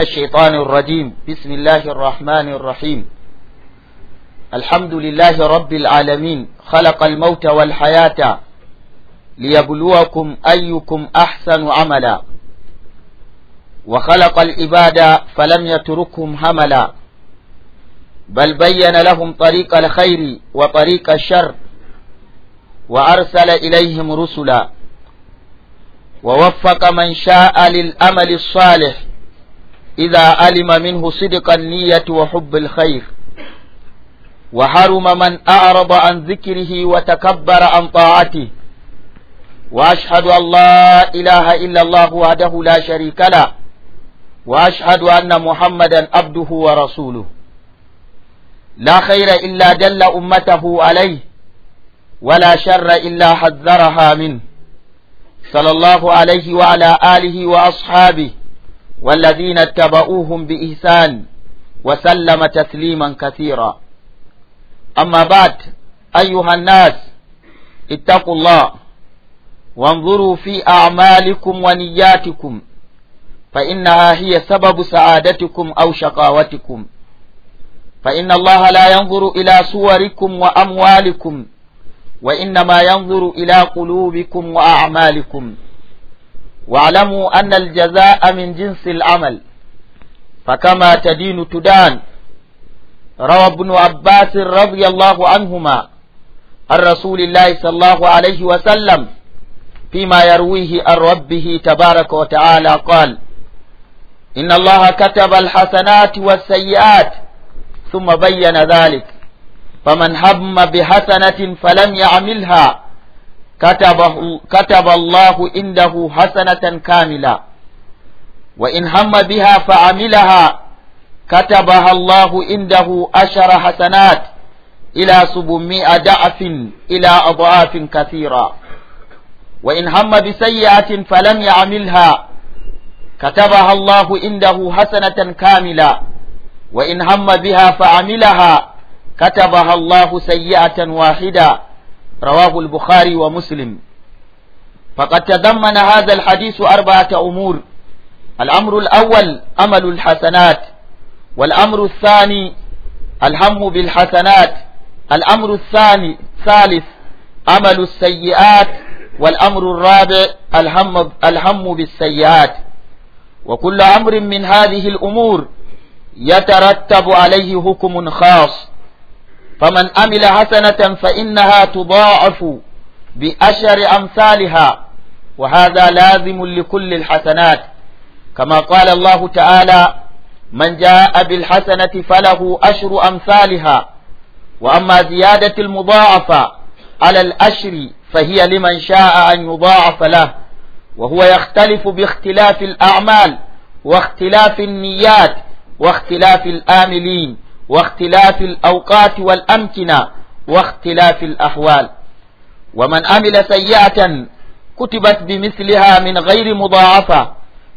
الشيطان الرجيم بسم الله الرحمن الرحيم الحمد لله رب العالمين خلق الموت والحياة ليبلوكم أيكم أحسن عملا وخلق العباد فلم يتركهم هملا بل بين لهم طريق الخير وطريق الشر وأرسل إليهم رسلا ووفق من شاء للأمل الصالح إذا علم منه صدق النية وحب الخير وحرم من أعرض عن ذكره وتكبر عن طاعته وأشهد أن لا إله إلا الله وحده لا شريك له وأشهد أن محمدا عبده ورسوله لا خير إلا دل أمته عليه ولا شر إلا حذرها منه صلى الله عليه وعلى آله وأصحابه والذين اتبعوهم بإحسان وسلم تسليما كثيرا أما بعد أيها الناس اتقوا الله وانظروا في أعمالكم ونياتكم فإنها هي سبب سعادتكم أو شقاوتكم فإن الله لا ينظر إلى صوركم وأموالكم وإنما ينظر إلى قلوبكم وأعمالكم واعلموا أن الجزاء من جنس العمل فكما تدين تدان روى ابن عباس رضي الله عنهما عن رسول الله صلى الله عليه وسلم فيما يرويه عن ربه تبارك وتعالى قال إن الله كتب الحسنات والسيئات ثم بين ذلك فمن هم بحسنة فلم يعملها كتبه كتب الله عنده حسنة كاملة وإن هم بها فعملها كتبها الله عنده أشر حسنات إلى سبعمائة ضعف إلى أضعاف كثيرة وإن هم بسيئة فلم يعملها كتبها الله عنده حسنة كاملة وإن هم بها فعملها كتبها الله سيئة واحدة رواه البخاري ومسلم فقد تضمن هذا الحديث أربعة أمور الأمر الأول أمل الحسنات والأمر الثاني الهم بالحسنات الأمر الثاني ثالث أمل السيئات والأمر الرابع الهم, الهم بالسيئات وكل أمر من هذه الأمور يترتب عليه حكم خاص فمن عمل حسنة فإنها تضاعف بأشر أمثالها وهذا لازم لكل الحسنات كما قال الله تعالى من جاء بالحسنة فله أشر أمثالها وأما زيادة المضاعفة على الأشر فهي لمن شاء أن يضاعف له وهو يختلف باختلاف الأعمال واختلاف النيات واختلاف الآملين واختلاف الأوقات والأمكنة واختلاف الأحوال ومن عمل سيئة كتبت بمثلها من غير مضاعفة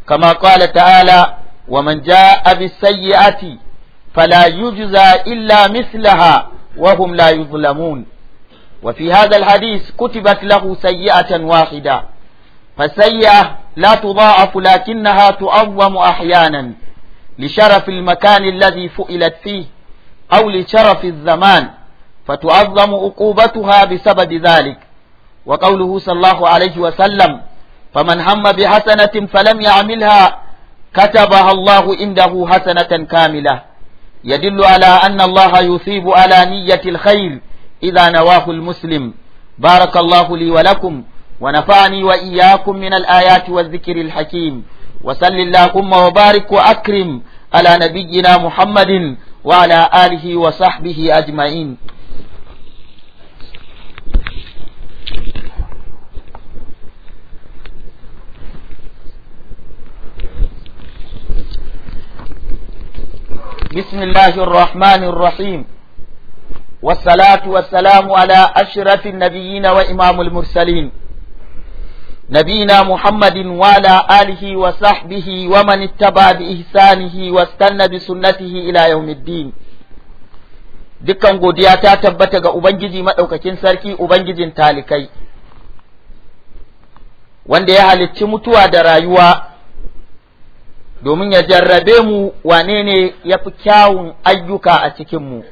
كما قال تعالى ومن جاء بالسيئة فلا يجزى إلا مثلها وهم لا يظلمون وفي هذا الحديث كتبت له سيئة واحدة فسيئة لا تضاعف لكنها تعظم أحيانا لشرف المكان الذي فئلت فيه أو لشرف الزمان فتعظم عقوبتها بسبب ذلك وقوله صلى الله عليه وسلم فمن هم بحسنة فلم يعملها كتبها الله عنده حسنة كاملة يدل على أن الله يثيب على نية الخير إذا نواه المسلم بارك الله لي ولكم ونفعني وإياكم من الآيات والذكر الحكيم وسل اللهم وبارك وأكرم على نبينا محمد وعلى آله وصحبه أجمعين بسم الله الرحمن الرحيم والصلاة والسلام على أشرف النبيين وإمام المرسلين نبينا محمد وعلى آله وصحبه ومن اتبع بإحسانه واستنى بسنته إلى يوم الدين dukkan godiya ta tabbata ga Ubangiji maɗaukakin sarki Ubangijin talikai, wanda ya halicci mutuwa da rayuwa domin ya jarrabe mu wane ne ya fi kyawun ayyuka a cikinmu.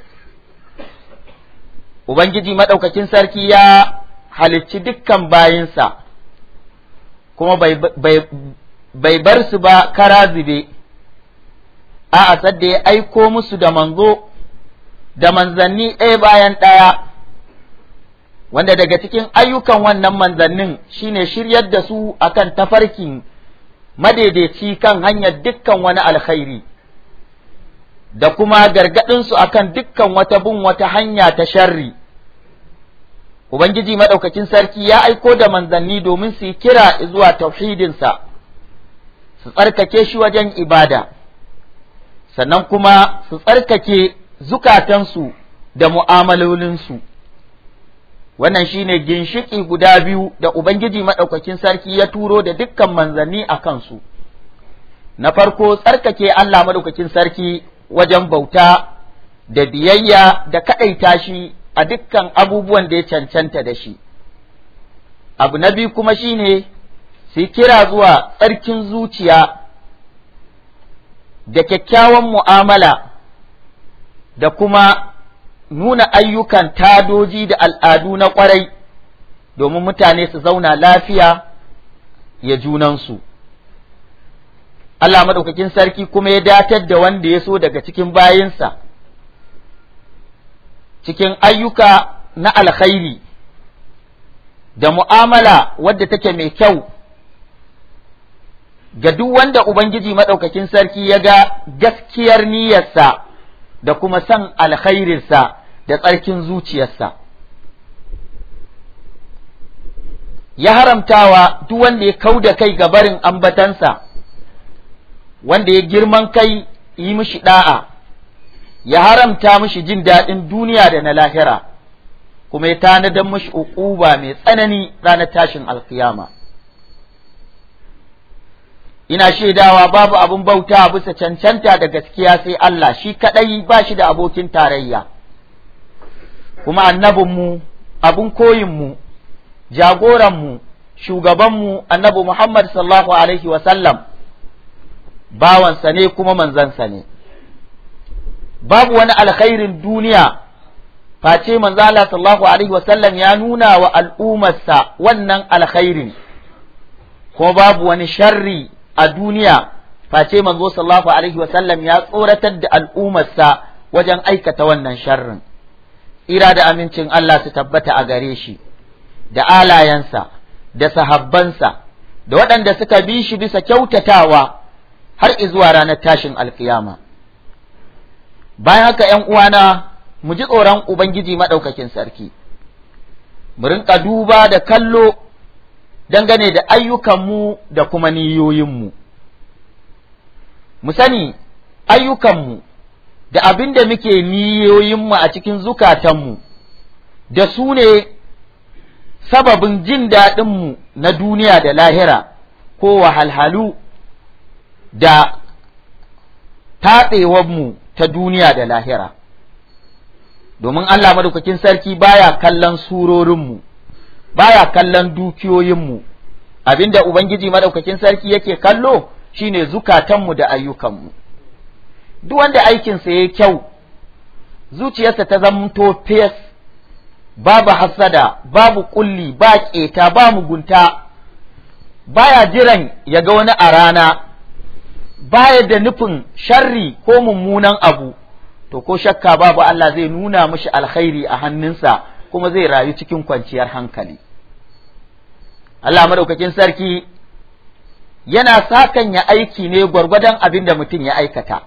Ubangiji maɗaukakin sarki ya halicci dukkan bayinsa. kuma bai bar su ba kara zube a sadda ya aiko musu da manzo da manzanni ɗaya bayan ɗaya wanda daga cikin ayyukan wannan manzannin shine shiryar da su akan tafarkin madaidaici kan hanyar dukkan wani alkhairi da kuma gargaɗinsu akan dukkan wata bin wata hanya ta sharri ubangiji madaukakin sarki ya aiko da manzanni domin su kira zuwa tauhidin sa su tsarkake shi wajen ibada sannan kuma su tsarkake zukatansu da mu'amalolinsu wannan shine ginshiki guda biyu da ubangiji madaukakin sarki ya turo da dukkan manzanni a kansu na farko tsarkake Allah madaukakin sarki wajen bauta da biyayya da kaɗaita shi a dukkan abubuwan da ya cancanta da shi abu na biyu kuma shi ne su kira zuwa tsarkin zuciya da kyakkyawan mu'amala da kuma nuna ayyukan tadoji da al'adu na ƙwarai domin mutane su zauna lafiya ya junansu. Allah maɗaukakin sarki kuma ya datar da wanda ya so daga cikin bayinsa cikin ayyuka na alkhairi da mu'amala wadda take mai kyau ga duk wanda Ubangiji maɗaukakin sarki ya ga gaskiyar niyyarsa da kuma san alkhairinsa da tsarkin zuciyarsa. Ya haramtawa duk wanda ya kau da kai ga barin ambatansa, wanda ya girman kai yi mishi ɗa'a, ya haramta mashi jin daɗin duniya da na lahira kuma ya tanadan mashi uquba mai tsanani ranar tashin alkiyama ina shaidawa babu abin bauta bisa cancanta da gaskiya sai Allah shi kaɗai ba shi da abokin tarayya kuma annabinmu abin koyinmu jagoranmu shugabanmu annabi Muhammad sallallahu alaihi wasallam bawansa ne kuma manzansa ne babu wani alkhairin duniya face manzo Allah sallallahu alaihi wasallam ya nuna wa al'ummarsa wannan alkhairin ko babu wani sharri a duniya face manzo sallallahu alaihi wasallam ya tsoratar da al'ummarsa wajen aikata wannan sharrin ira da amincin Allah su tabbata a gare shi da alayansa da sahabbansa da waɗanda suka bi shi bisa kyautatawa har izuwa ranar tashin alkiyama bayan haka ‘yan uwana mu ji tsoron Ubangiji maɗaukakin sarki, mu rinƙa duba da kallo dangane da ayyukanmu da kuma niyoyinmu. Mu sani ayyukanmu da abin da muke niyoyinmu a cikin zukatanmu, da su ne sababin jin daɗinmu na duniya da lahira ko wahalhalu da taɗewanmu ta duniya da lahira domin Allah madaukakin sarki baya kallon surorinmu baya kallon dukiyoyinmu abinda ubangiji madaukakin sarki yake kallo shine zukatanmu da ayyukanmu duk wanda aikinsa ya kyau zuciyarsa ta zamto fes babu hasada babu kulli ba keta ba mugunta baya jiran ya ga wani a rana baya da nufin sharri ko mummunan abu to ko shakka babu Allah zai nuna mashi alkhairi a hannunsa kuma zai rayu cikin kwanciyar hankali Allah madaukakin sarki yana sakan ya aiki ne gwargwadon abin da mutum ya aikata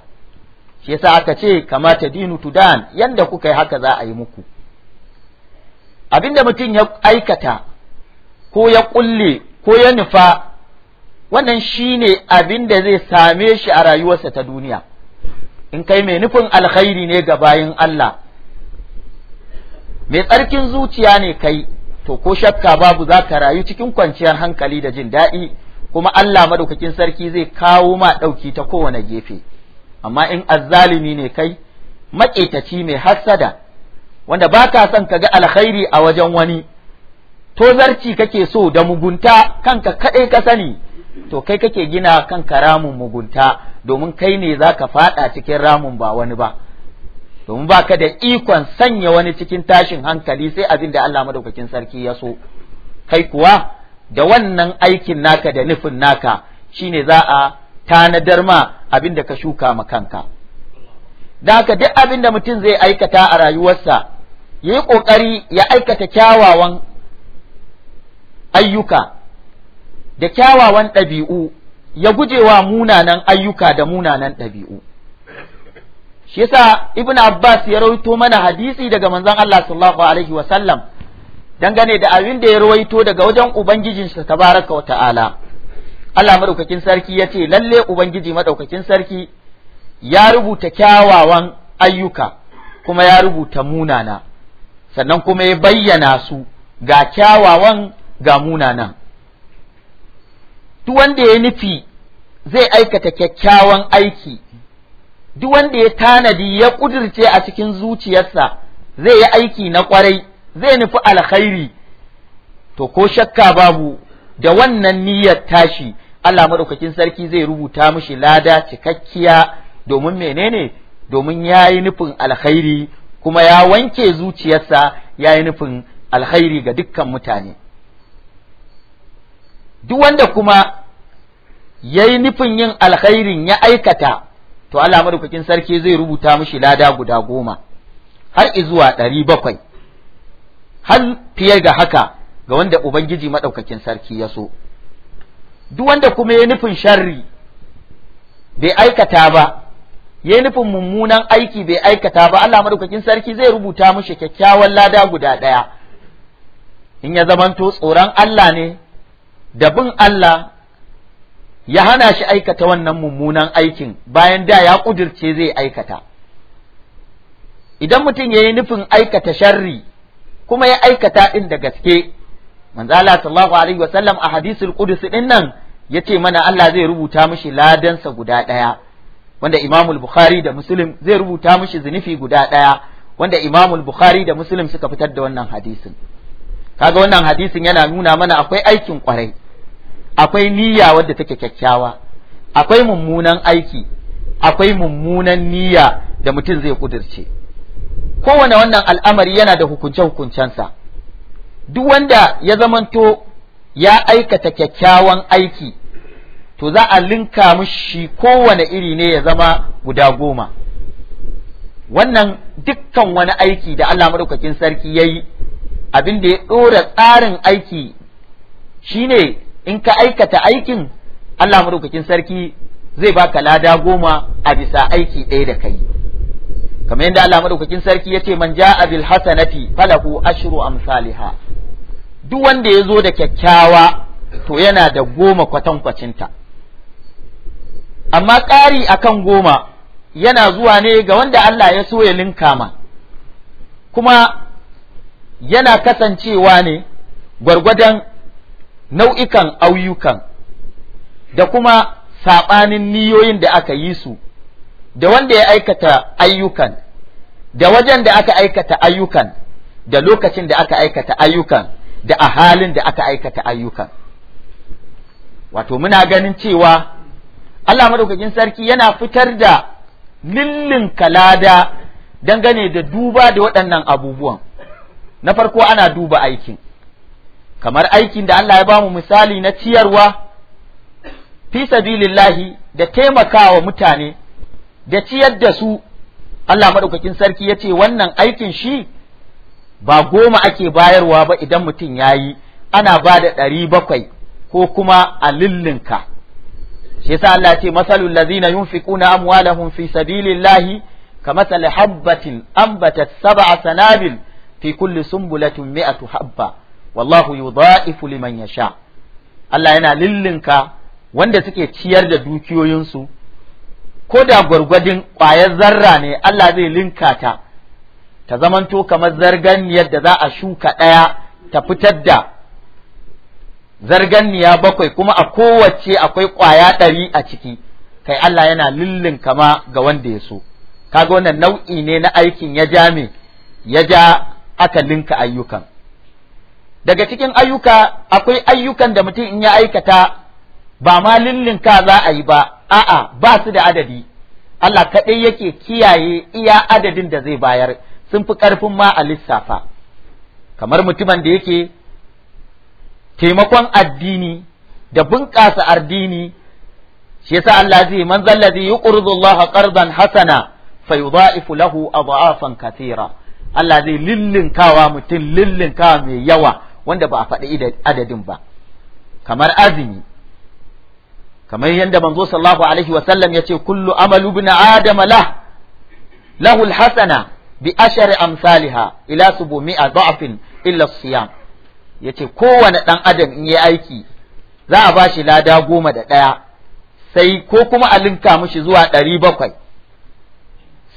shi yasa aka ce kamata dinu tudan yanda kuka yi haka za a yi muku abin da mutum ya aikata ko ya kulle ko ya nufa wannan shi ne abin da zai same shi a rayuwarsa ta duniya in kai mai nufin alkhairi ne ga bayan Allah mai tsarkin zuciya ne kai to ko shakka babu za ka rayu cikin kwanciyar hankali da jin daɗi kuma Allah madaukakin sarki zai kawo ma ɗauki ta kowane gefe amma in azzalimi ne kai maƙetaci mai hassada wanda ba ka son ka ga alkhairi a wajen wani to zarci kake so da mugunta kanka kaɗai ka sani to kai kake gina kanka ramin mugunta domin kai ne za ka faɗa cikin ramun ba wani ba domin ba ka da ikon sanya wani cikin tashin hankali sai abin da Allah madaukakin sarki ya so kai kuwa da wannan aikin naka da nufin naka shine za a tanadar ma abin da ka shuka ma kanka da haka duk abin da mutum zai aikata a rayuwarsa ya yi ƙoƙari ya aikata kyawawan ayyuka da kyawawan ɗabi'u ya gujewa munanan ayyuka da munanan ɗabi'u shi yasa ibn abbas ya rawaito mana hadisi daga manzon Allah sallallahu alaihi wa sallam dangane da abin da ya rawaito daga wajen ubangijinsa baraka wa ta'ala Allah Maɗaukakin sarki ya ce lalle ubangiji Maɗaukakin sarki ya rubuta kyawawan ayyuka kuma ya rubuta munana sannan kuma ya bayyana su ga kyawawan ga munanan duk wanda ya nufi zai aikata kyakkyawan aiki duk wanda ya tanadi ya kudirce a cikin zuciyarsa zai yi aiki na kwarai zai nufi alkhairi to ko shakka babu da wannan niyyar tashi Allah madaukakin sarki zai rubuta mishi lada cikakkiya domin menene domin ya yi nufin alkhairi kuma ya wanke zuciyarsa ya yi nufin alkhairi ga dukkan mutane duk wanda kuma ya yi nufin yin alkhairin ya aikata to Allah madaukakin sarki zai rubuta mashi lada guda goma har izuwa ɗari bakwai har fiye ga haka ga wanda ubangiji madaukakin sarki ya so duk wanda kuma ya nufin sharri bai aikata ba ya nufin mummunan aiki bai aikata ba Allah madaukakin sarki zai rubuta mishi kyakkyawan lada guda ɗaya in ya zamanto tsoron Allah ne da bin Allah ya hana shi aikata wannan mummunan aikin bayan da ya ƙudirce zai aikata idan mutum ya yi nufin aikata sharri kuma ya aikata ɗin da gaske manzo Allah sallallahu alaihi wasallam a hadisul ƙudus din nan ya ce mana Allah zai rubuta mishi ladansa guda ɗaya wanda Imamul Bukhari da Muslim zai rubuta mishi zunufi guda ɗaya wanda Imamul Bukhari da Muslim suka fitar da wannan hadisin kaga wannan hadisin yana nuna mana akwai aikin kwarai akwai niyya wadda take kyakkyawa akwai mummunan aiki akwai mummunan niyya da mutum zai kudirce kowane wannan al'amari yana da hukunce hukuncensa duk wanda ya zamanto ya aikata kyakkyawan aiki to za a linka mushi kowane iri ne ya zama guda goma wannan dukkan wani aiki da Allah madaukakin sarki yayi yi abin da ya ɗora tsarin aiki shine in ka aikata aikin Allah madaukakin sarki zai baka lada goma a bisa aiki ɗaya da kai kamar yadda Allah madaukakin sarki ya ce man ja'a bil hasanati falahu ashru amsalha duk wanda ya zo da kyakkyawa to yana da goma kwatan kwacinta amma ƙari akan goma yana zuwa ne ga wanda Allah ya so ya linka ma kuma yana kasancewa ne gwargwadon nau'ikan auyukan da kuma saɓanin niyoyin da aka yi su da wanda ya aikata ayyukan da wajen da aka aikata ayyukan da lokacin da aka aikata ayyukan da a halin da aka aikata ayyukan wato muna ganin cewa Allah madaukakin sarki yana fitar da lillin kalada dangane da duba da waɗannan abubuwan na farko ana duba aikin kamar aikin da Allah ya bamu misali na ciyarwa fi sabilillahi da taimakawa mutane da ciyar da su Allah madaukakin sarki ya ce wannan aikin shi ba goma ake bayarwa ba idan mutum yayi ana ba da ɗari bakwai ko kuma a lillinka shi yasa Allah yace masalul ladzina yunfiquna amwalahum fi sabilillahi kamathali habatin ambatat sab'a sanabil fi kulli sumbulatin mi'atu habba wallahu yudha'ifu liman yasha Allah yana lillinka wanda suke ciyar da dukiyoyinsu ko da gwargwadin ƙwayar zarra ne Allah zai linka ta ta zamanto kamar zarganniyar da za a shuka ɗaya ta fitar da zarganniya bakwai kuma a kowace akwai ƙwaya ɗari a ciki kai Allah yana lillin kama ga wanda ya so kaga wannan nau'i ne na aikin ya ja ya ja aka linka ayyukan daga cikin ayyuka akwai ayyukan da mutum in ya aikata ba ma lillinka za a yi ba a'a ba su da adadi Allah kaɗai yake kiyaye iya adadin da zai bayar sun fi ƙarfin ma a lissafa kamar mutumin da yake taimakon addini da bunƙasa addini shi yasa Allah zai man zallazi yuqridu qardan hasana fa yudha'ifu lahu adha'afan katira Allah zai lillinkawa mutum lillinkawa mai yawa wanda ba a faɗi adadin ba kamar azumi kamar yadda manzo sallallahu alaihi wasallam ya ce kullu amalu ibn adam lah lahu alhasana bi ashari amsalha ila subumi'a da'afin illa siyam yace kowane dan adam in yi aiki za a bashi lada goma da ɗaya sai ko kuma a linka mishi zuwa ɗari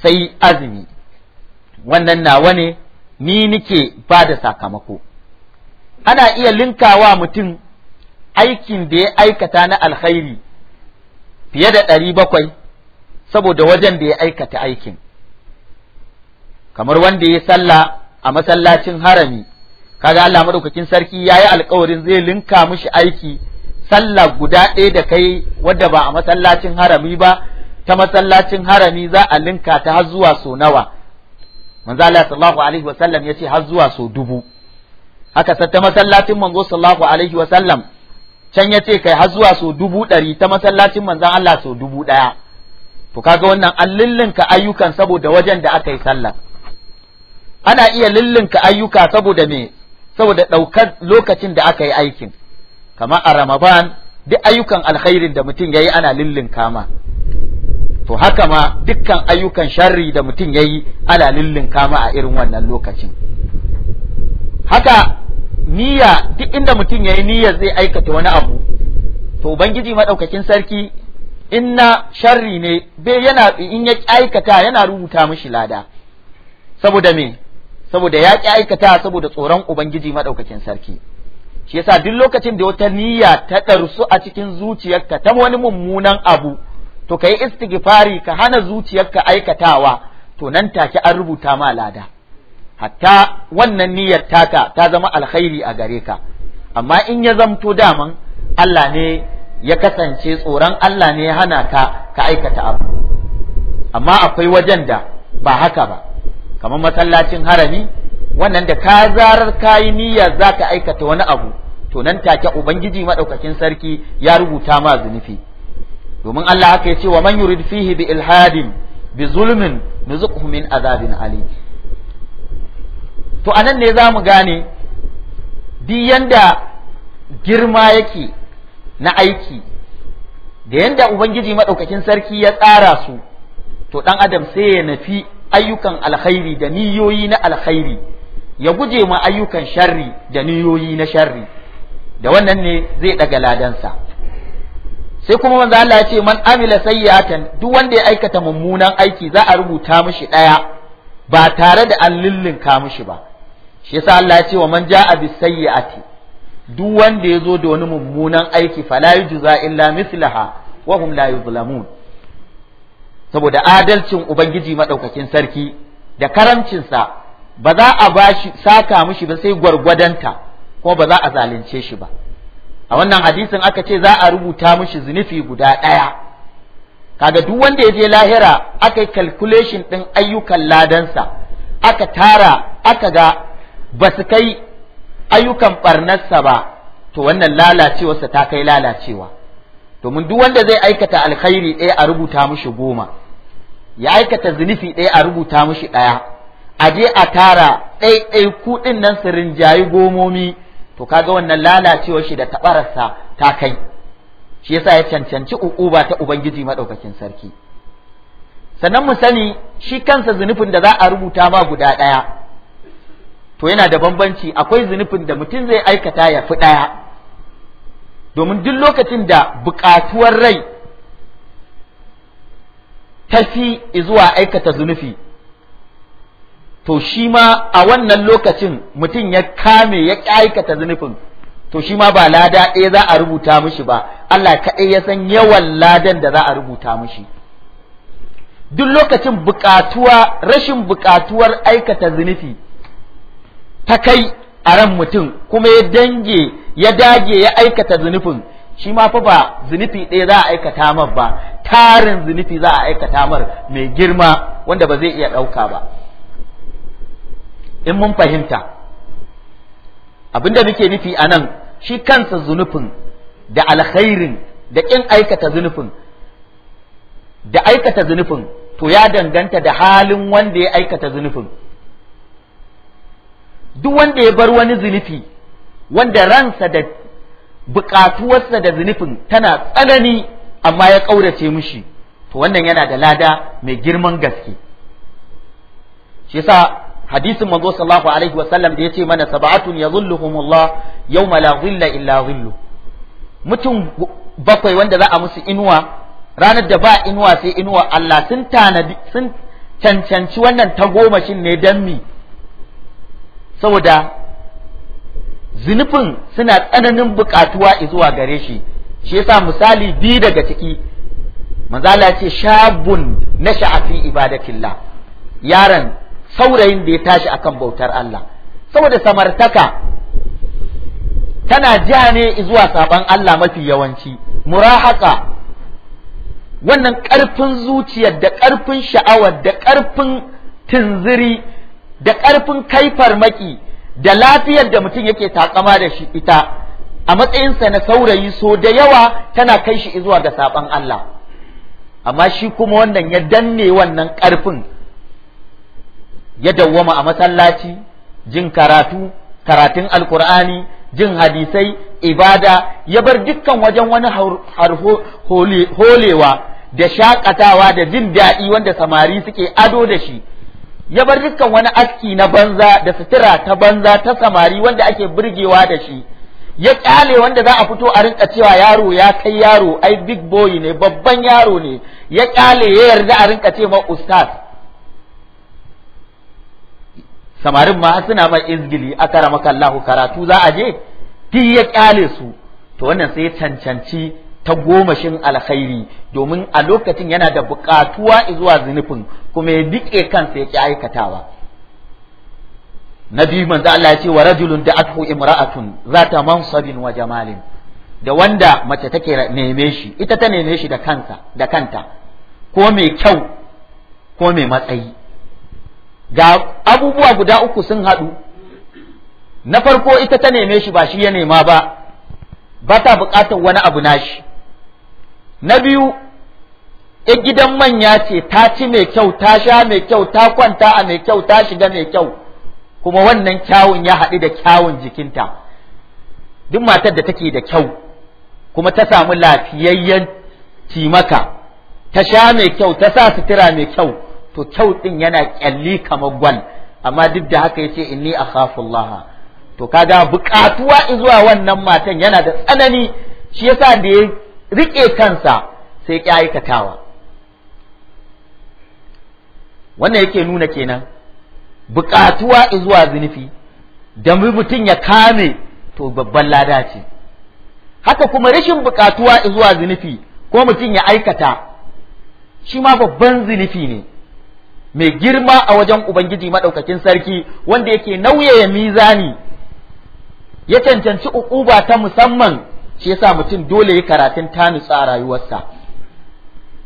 sai azumi wannan nawa ne ni nike ba da sakamako ana iya linkawa mutum aikin da ya aikata na alkhairi fiye da ɗari bakwai saboda wajen da ya aikata aikin kamar wanda ya sallah a masallacin harami kaga Allah madaukakin sarki ya yi alkawarin zai linka mishi aiki sallah guda ɗaya da kai wadda ba a masallacin harami ba ta masallacin harami za a linka ta har zuwa so nawa manzo Allah sallallahu alaihi wasallam yace har zuwa so dubu aka ta masallacin manzo sallallahu alaihi wasallam can yace kai har zuwa so dubu ɗari ta masallacin manzon Allah so dubu ɗaya to kaga wannan an lillinka ayyukan saboda wajen da aka yi sallah ana iya lillinka ayyuka saboda me saboda ɗaukar lokacin da aka yi aikin kamar a ramaban duk ayyukan alkhairin da mutum yayi ana lillinka ma to haka ma dukkan ayyukan sharri da mutum yayi ana lillinka ma a irin wannan lokacin haka niyya duk inda mutum ya yi niyya zai aikata wani abu to ubangiji maɗaukakin sarki inna sharri ne bai yana in ya aikata yana rubuta mashi lada saboda me saboda ya ƙi aikata saboda tsoron ubangiji madaukakin sarki shi yasa duk lokacin da wata niyya ta ɗarsu a cikin zuciyarka ta wani mummunan abu to ka yi istighfari ka hana zuciyarka aikatawa to nan take an rubuta ma lada hatta wannan niyyar taka ta zama alkhairi a gare ka amma in ya zamto daman Allah ne ya kasance tsoron Allah ne ya hana ka ka aikata abu amma akwai wajen da ba haka ba kamar masallacin harami wannan da ka zarar kayi niyyar za ka aikata wani abu to nan take ubangiji madaukakin sarki ya rubuta ma zunufi domin Allah haka ya ce wa man yurid fihi bi ilhadin bi zulmin nuzuqhu min azabin alim to a nan ne za mu gane duk yanda girma yake na aiki da yanda ubangiji maɗaukakin sarki ya tsara su to ɗan adam sai ya nafi ayyukan alkhairi da niyoyi na alkhairi ya guje ma ayyukan sharri da niyoyi na sharri da wannan ne zai ɗaga ladansa sai kuma manzo Allah ya ce man amila sayyatan duk wanda ya aikata mummunan aiki za a rubuta mishi ɗaya ba tare da an lullunka mishi ba shi yasa Allah ya ce wa man jaa bi sayyi'ati duk wanda yazo da wani mummunan aiki fala yujza illa mislaha wa hum la yuzlamun saboda adalcin ubangiji madaukakin sarki da karamcinsa ba za a bashi saka mishi ba sai gwargwadanta kuma ba za a zalunce shi ba a wannan hadisin aka ce za a rubuta mushi zunufi guda ɗaya kaga duk wanda ya je lahira aka yi calculation ɗin ayyukan ladansa aka tara aka ga ba su kai ayyukan ɓarnarsa ba to wannan lalacewarsa ta kai lalacewa domin duk wanda zai aikata alkhairi ɗaya a rubuta mushi goma ya aikata zunufi ɗaya a rubuta mushi ɗaya a je a tara ɗaiɗai kuɗin nan su rinjayi gomomi to kaga wannan lalacewar shi da tabararsa ta kai shi yasa ya cancanci uquba ta ubangiji madaukakin sarki sannan mu sani shi kansa zunufin da za a rubuta ma guda ɗaya to yana da bambanci akwai zunufin da mutum zai aikata ya fi ɗaya domin duk lokacin da buƙatuwar rai ta fi zuwa aikata zunufi to shi ma a wannan lokacin mutum ya kame ya aikata zunufin to shi ma ba lada ɗaya za a rubuta mishi ba Allah kaɗai ya san yawan ladan da za a rubuta mishi duk lokacin buƙatuwa rashin buƙatuwar aikata zunufi ta kai a ran mutum kuma ya dange ya dage ya aikata zunufin shi ma fa ba zunufi ɗaya za a aikata mar ba tarin zunufi za a aikata mar mai girma wanda ba zai iya ɗauka ba in mun fahimta abinda muke nufi a nan shi kansa zunufin da alkhairin da ƙin aikata zunufin da aikata zunufin to ya danganta da halin wanda ya aikata zunufin duk wanda ya bar wani zunufi wanda ransa da buƙatuwarsa da zunufin tana tsanani amma ya ƙaurace mishi to wannan yana da lada mai girman gaske shi yasa hadisin manzo sallallahu alaihi wasallam da yace mana sab'atun yadhulluhumullah yawma la dhilla illa dhillu mutum bakwai wanda za a musu inuwa ranar da ba inuwa sai inuwa Allah sun tanadi sun cancanci wannan ta shin ne dan mi saboda zunufin suna tsananin buƙatuwa zuwa gare shi shi yasa misali bi daga ciki manzala ce shabun na sha'afi ibadatillah yaron saurayin da ya tashi akan bautar Allah saboda samartaka tana ja ne zuwa saban Allah mafi yawanci murahaka wannan ƙarfin zuciyar da ƙarfin sha'awar da ƙarfin tunziri da ƙarfin kai farmaki da lafiyar da mutum yake takama da shi ita a matsayinsa na saurayi so da yawa tana kai shi zuwa ga saɓan Allah amma shi kuma wannan ya danne wannan ƙarfin ya dawwama a masallaci jin karatu karatun alkur'ani jin hadisai ibada ya bar dukkan wajen wani holewa da shakatawa da jin daɗi wanda samari suke ado da shi ya bar dukkan wani aski na banza da sutura ta banza ta samari wanda ake burgewa da shi ya kyale wanda za a fito a rinka cewa yaro ya kai yaro ai big boy ne babban yaro ne ya kyale ya yarda a rinka ce ma ustaz samarin ma suna mai izgili a karamakallahu Allahu karatu za a je ti ya kyale su to wannan sai ya cancanci ta goma gomashin alkhairi domin a lokacin yana da buƙatuwa zuwa zunufin kuma ya diƙe kansa ya ƙi aikatawa na manzo Allah ya ce wa rajulun da athu imra'atun zata mansabin wa jamalin da wanda mace take neme shi ita ta neme shi da kansa da kanta ko mai kyau ko mai matsayi ga abubuwa guda uku sun haɗu na farko ita ta neme shi ba shi ya nema ba ba ta buƙatar wani abu nashi na biyu ya gidan manya ce ta ci mai kyau ta sha mai kyau ta kwanta a mai kyau ta shiga mai kyau kuma wannan kyawun ya haɗu da kyawun jikinta duk matar da take da kyau kuma ta samu lafiyayyen cimaka ta sha mai kyau ta sa sutura mai kyau to kyau ɗin yana ƙyalli kamar gwal amma duk da haka yace inni laha, to kaga buƙatuwa zuwa wannan matan yana da tsanani shi yasa da ya riƙe kansa sai ƙi aikatawa wannan yake nuna kenan buƙatuwa zuwa zunufi da mutum ya kame to babban lada ce haka kuma rashin buƙatuwa zuwa zunufi ko mutum ya aikata shi ma babban zunufi ne mai girma a wajen Ubangiji maɗaukakin sarki wanda yake nauyaya mizani ya cancanci uquba ta musamman shi yasa mutum dole ya karatun ta nutsa rayuwarsa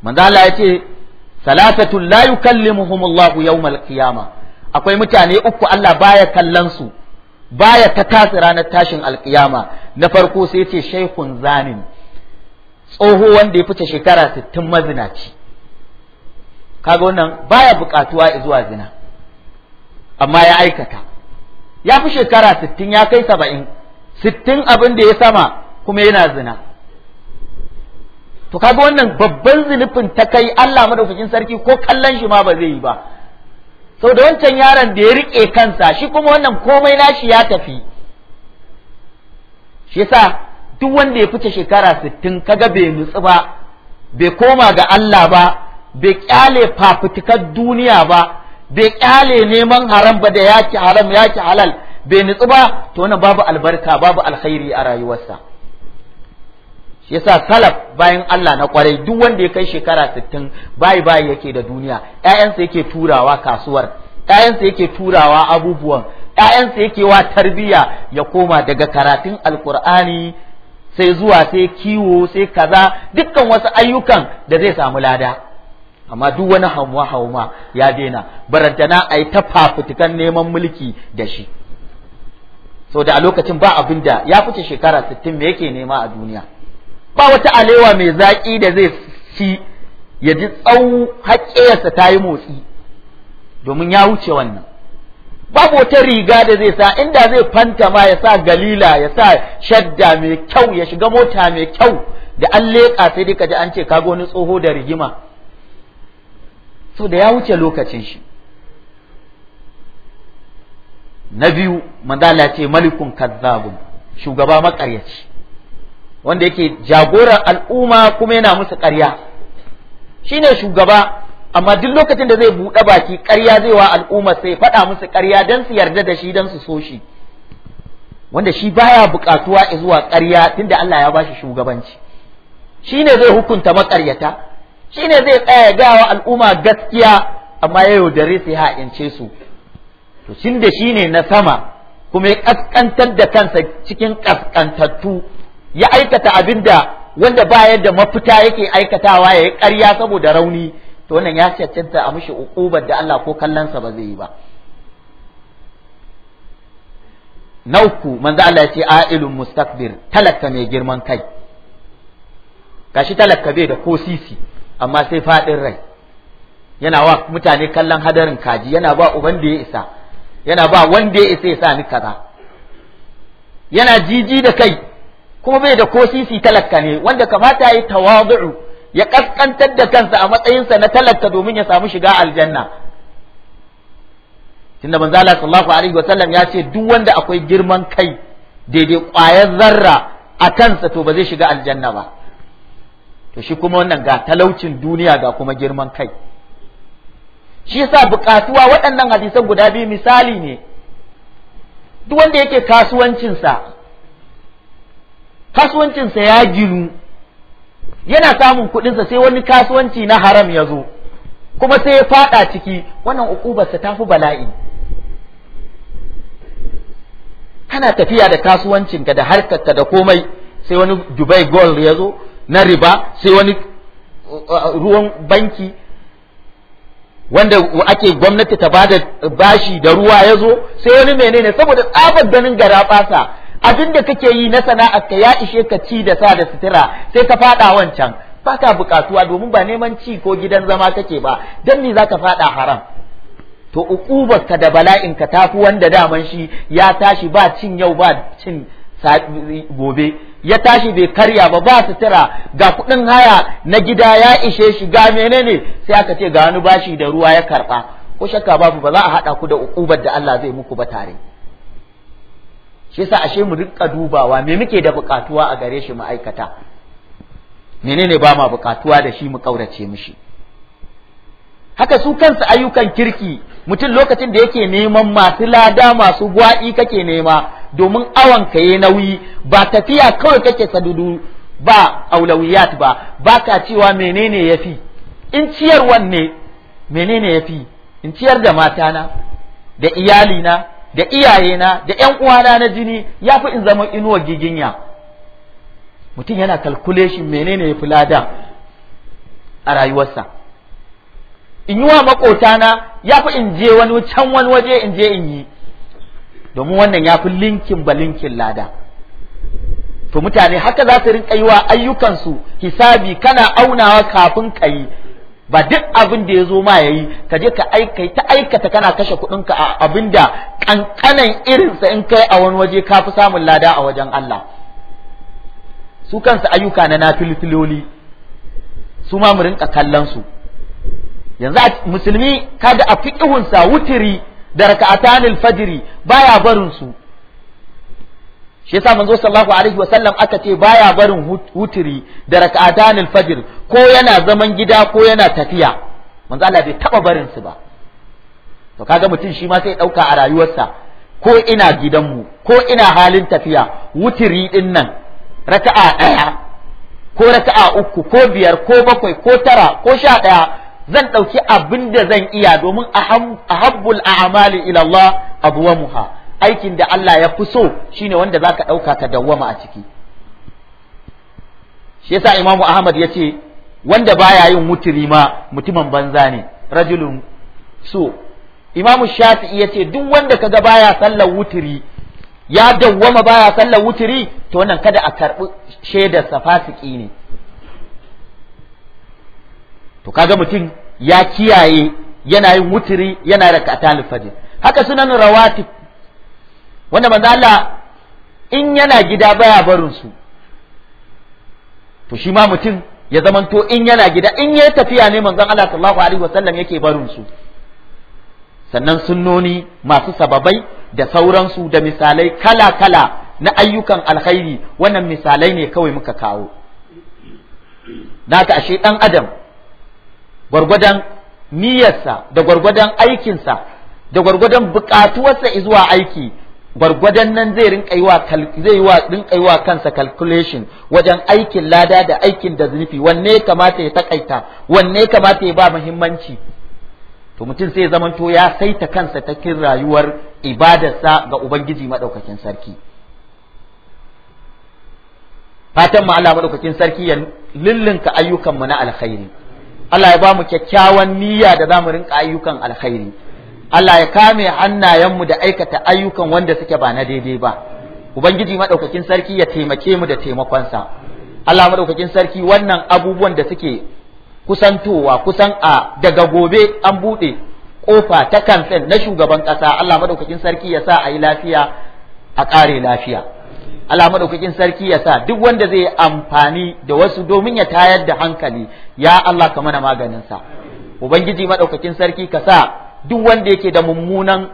manzo Allah ya ce salatatun la yukallimuhum Allah yawmal qiyama akwai mutane uku Allah baya kallon su baya ta tasi ranar tashin alkiyama na farko sai ce shaikhun zanin tsoho wanda ya fice shekara 60 mazinaci kaga wannan baya bukatuwa zuwa zina amma ya aikata ya fi shekara sittin ya kai saba'in. sittin abin da ya sama kuma yana zina to kaga wannan babban zunufin ta kai Allah madaukakin sarki ko kallon shi ma ba zai yi ba sau da wancan yaron da ya riƙe kansa shi kuma wannan komai nashi ya tafi shi yasa duk wanda ya fice shekara sittin ka ga bai nutsu ba bai koma ga Allah ba bai ƙyale fafutukar duniya ba bai ƙyale neman haram ba da yaki haram yaki halal bai nutsu ba to wannan babu albarka babu alkhairi a rayuwarsa yasa salaf bayan Allah na kwarai duk wanda ya kai shekara 60 bai bai yake da duniya ƴaƴansa yake turawa kasuwar ƴaƴansa yake turawa abubuwan ƴaƴansa yake wa tarbiya ya koma daga karatun alkur'ani sai zuwa sai kiwo sai kaza dukkan wasu ayyukan da zai samu lada amma duk wani hauma hauma ya daina barantana ai ta fafutukan neman mulki da shi sau da a lokacin ba abin da ya fice shekara 60 me yake nema a duniya ba wata alewa mai zaƙi da zai fi ya ji tsawo haƙƙiyarsa ta yi motsi domin ya wuce wannan babu wata riga da zai sa inda zai fanta ma ya sa galila ya sa shadda mai kyau ya shiga mota mai kyau da an leƙa sai dai kaji an ce kago wani tsoho da rigima so da ya wuce lokacin shi na biyu manzala ce malikun kazzabun shugaba makaryaci wanda yake jagorar al'umma kuma yana musu ƙarya shine shugaba amma duk lokacin da zai buɗe baki ƙarya zai wa al'umma sai faɗa musu ƙarya don su yarda da shi don su so shi wanda shi baya buƙatuwa zuwa ƙarya tunda Allah ya bashi shugabanci shine zai hukunta maƙaryata shine zai tsaya ga wa al'umma gaskiya amma ya yaudare su ha ince su to shi shine na sama kuma ya kaskantar da kansa cikin kaskantattu ya aikata abin da wanda ba yadda mafita yake aikatawa ya yi ƙarya saboda rauni to wannan ya cancanta a mishi uƙubar da Allah ko kallonsa ba zai yi ba na uku manzo Allah ya ce a'ilun mustakbir talaka mai girman kai gashi talaka bai da ko sisi amma sai fadin rai yana wa mutane kallon hadarin kaji yana ba uban da ya isa yana ba wanda ya isa ya sa ni kaza yana jiji da kai kuma bai da ko sisi talaka ne wanda kamata ya yi tawadu'u ya kaskantar da kansa a matsayinsa na talaka domin ya samu shiga aljanna tunda manzo Allah sallallahu alaihi wa sallam ya ce duk wanda akwai girman kai daidai ƙwayar zarra a kansa to ba zai shiga aljanna ba to shi kuma wannan ga talaucin duniya ga kuma girman kai shi yasa bukatuwa waɗannan hadisan guda biyu misali ne duk wanda yake kasuwancinsa kasuwancinsa ya ginu yana samun kuɗinsa sai wani kasuwanci na haram ya zo kuma sai ya faɗa ciki wannan ukubarsa ta fi bala'i kana tafiya da kasuwancinka da harkarka da komai sai wani dubai gold ya zo na riba sai wani uh, uh, ruwan banki wanda ake gwamnati ta bada bashi da ruwa ya zo sai wani menene saboda tsabar ganin gara fasa abin da kake yi na sana'ar ka ya ishe ka ci da sa da sutura sai ka fada wancan baka bukatuwa domin ba neman ci ko gidan zama kake ba dan me zaka fada haram to uqubar ka da bala'in ka tafi wanda daman shi ya tashi ba cin yau ba cin gobe ya tashi bai karya ba ba sutura ga kuɗin haya na gida ya ishe shi ga menene sai aka ce ga wani bashi da ruwa ya karɓa ko shakka babu ba za a haɗa ku da uqubar da Allah zai muku ba tare shi yasa ashe mu rika dubawa me muke da bukatuwa a gare shi mu aikata menene ba ma bukatuwa da shi mu kaurace mishi haka su kansu ayyukan kirki mutum lokacin da yake neman masu lada masu gwa'i kake nema domin awon ka yi nauyi ba tafiya kawai kake sadudu ba aulawiyat ba ba ka cewa menene yafi yafi in ciyarwan ne menene yafi in ciyar da matana da iyalina da iyayena da ƴan uwana na jini yafi in zama inuwa giginya mutum yana calculation menene ya fi lada a rayuwarsa in yi wa yafi ya fi in je wani can wani waje in je in yi domin wannan yafi fi linkin ba linkin lada to mutane haka za su rinka yi wa ayyukansu hisabi kana aunawa kafin ka yi ba duk abin da ya zo ma yayi ka je ka aika ta aikata kana kashe kuɗin ka a abin da kankanan irinsa in kai a wani waje ka fi samun lada a wajen Allah su kansu ayyuka na nafilfiloli su ma mu rinka kallon su yanzu musulmi kada a fiqihunsa wutiri da raka'atanil fajiri baya barin su shi yasa manzo sallallahu alaihi wa sallam aka ce baya barin wutiri da rak'atanil fajr ko yana zaman gida ko yana tafiya manzo Allah bai taba barin su ba to kaga mutum shi ma sai dauka a rayuwarsa ko ina gidanmu ko ina halin tafiya wutiri din nan raka'a daya ko raka'a uku ko biyar ko bakwai ko tara ko sha daya zan dauki abin da zan iya domin ahabbul a'mali ila Allah adwamuha aikin da Allah ya fi so shine wanda za ka ɗauka ka dawwama a ciki shi yasa imamu Ahmad ya ce wanda baya yin mutiri ma mutumin banza ne rajulun so Imam Shafi'i ya ce duk wanda kaga baya sallar wutiri ya dawwama baya sallar wutiri to wannan kada a karɓi shaidar sa fasiki ne to kaga mutum ya kiyaye yana yin wutiri yana da katalin haka sunan rawatib wanda manzo Allah in yana gida baya barin su to shi ma mutum ya to in yana gida in yayi tafiya ne manzon Allah sallallahu alaihi wasallam yake barin su sannan sunnoni masu sababai da sauransu da misalai kala-kala na ayyukan alkhairi wannan misalai ne kawai muka kawo naka ashe dan adam gwargwadon niyyarsa da gwargwadon aikinsa da gwargwadon sa zuwa aiki gwargwadon nan zai rinka yi wa kansa calculation wajen aikin lada da aikin da zunufi wanne kamata ya takaita wanne kamata ya ba muhimmanci to mutum sai zamanto ya saita kansa ta kin rayuwar ibadarsa ga ubangiji madaukakin sarki fatan mu Allah maɗaukakin sarki ya lullunka ayyukanmu na alkhairi Allah ya ba mu kyakkyawan niyya da za mu rinka ayyukan alkhairi Allah ya kame hannayenmu da aikata ayyukan wanda suke ba na daidai ba ubangiji maɗaukakin sarki ya taimake mu da taimakonsa Allah maɗaukakin sarki wannan abubuwan da suke kusantowa kusan a daga gobe an buɗe ƙofa ta kansan na shugaban ƙasa. Allah maɗaukakin sarki ya sa a yi lafiya a ƙare lafiya Allah maɗaukakin sarki ya sa duk wanda zai amfani da wasu domin ya tayar da hankali ya Allah ka mana maganinsa ubangiji maɗaukakin sarki ka sa duk wanda yake da mummunan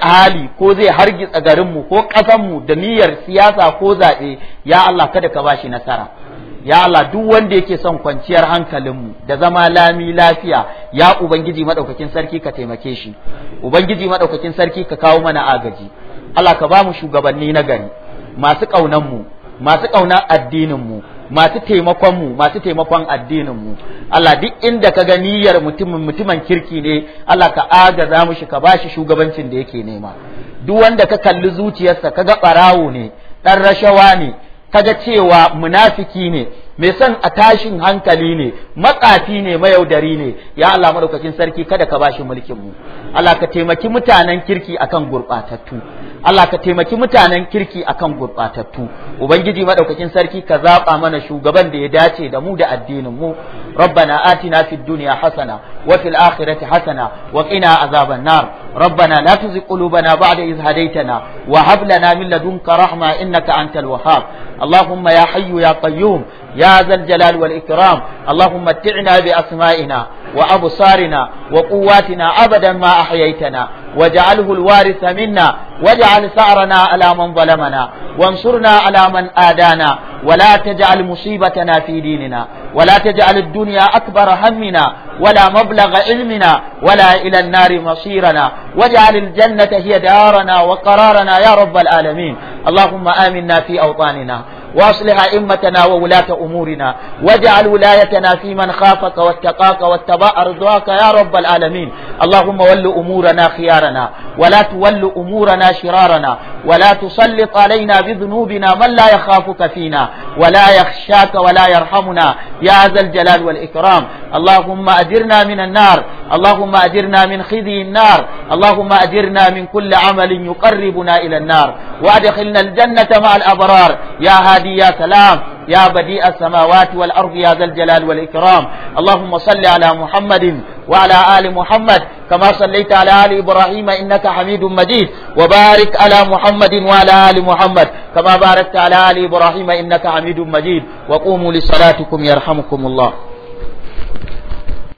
hali ko zai hargitsa garinmu ko ƙasanmu da niyyar siyasa ko zaɓe ya Allah kada ka bashi nasara ya Allah duk wanda yake son kwanciyar hankalinmu da zama lami lafiya ya ubangiji madaukakin sarki ka taimake shi ubangiji madaukakin sarki ka kawo mana agaji Allah ka ba mu shugabanni na gari masu ƙaunar mu masu ƙaunar addinin mu masu taimakon mu masu taimakon addinin mu Allah duk inda ka ga niyyar mutumin mutumin kirki ne Allah ka agaza mushi ka bashi shugabancin da yake nema duk wanda ka kalli zuciyarsa kaga barawo ne dan rashawa ne kaga cewa munafiki ne mai son a tashin hankali ne matsafi ne mayaudari ne ya Allah madaukakin sarki kada ka bashi mulkin mu Allah ka taimaki mutanen kirki akan gurbatattu Allah ka taimaki mutanen kirki akan gurbatattu ubangiji madaukakin sarki ka zaba mana shugaban da ya dace da mu da addinin mu rabbana atina fid dunya hasana wa fil akhirati hasana wa qina azaban nar rabbana la tuzigh qulubana ba'da idh hadaytana wa hab lana min ladunka rahma innaka antal wahhab allahumma ya hayyu ya qayyum ya يا ذا الجلال والإكرام اللهم متعنا بأسمائنا وأبصارنا وقواتنا أبدا ما أحييتنا واجعله الوارث منا واجعل ثأرنا على من ظلمنا وانصرنا على من آدانا ولا تجعل مصيبتنا في ديننا ولا تجعل الدنيا أكبر همنا ولا مبلغ علمنا ولا إلى النار مصيرنا واجعل الجنة هي دارنا وقرارنا يا رب العالمين اللهم آمنا في أوطاننا وأصلح أئمتنا وولاة أمورنا واجعل ولايتنا في من خافك واتقاك واتبع رضاك يا رب العالمين اللهم ول أمورنا خيارنا ولا تول أمورنا شرارنا ولا تسلط علينا بذنوبنا من لا يخافك فينا ولا يخشاك ولا يرحمنا يا ذا الجلال والإكرام اللهم أجرنا من النار اللهم أجرنا من خزي النار اللهم أجرنا من كل عمل يقربنا إلى النار وأدخلنا الجنة مع الأبرار يا هادي عبادي يا سلام يا بديع السماوات والأرض يا ذا الجلال والإكرام اللهم صل على محمد وعلى آل محمد كما صليت على آل إبراهيم إنك حميد مجيد وبارك على محمد وعلى آل محمد كما باركت على آل إبراهيم إنك حميد مجيد وقوموا لصلاتكم يرحمكم الله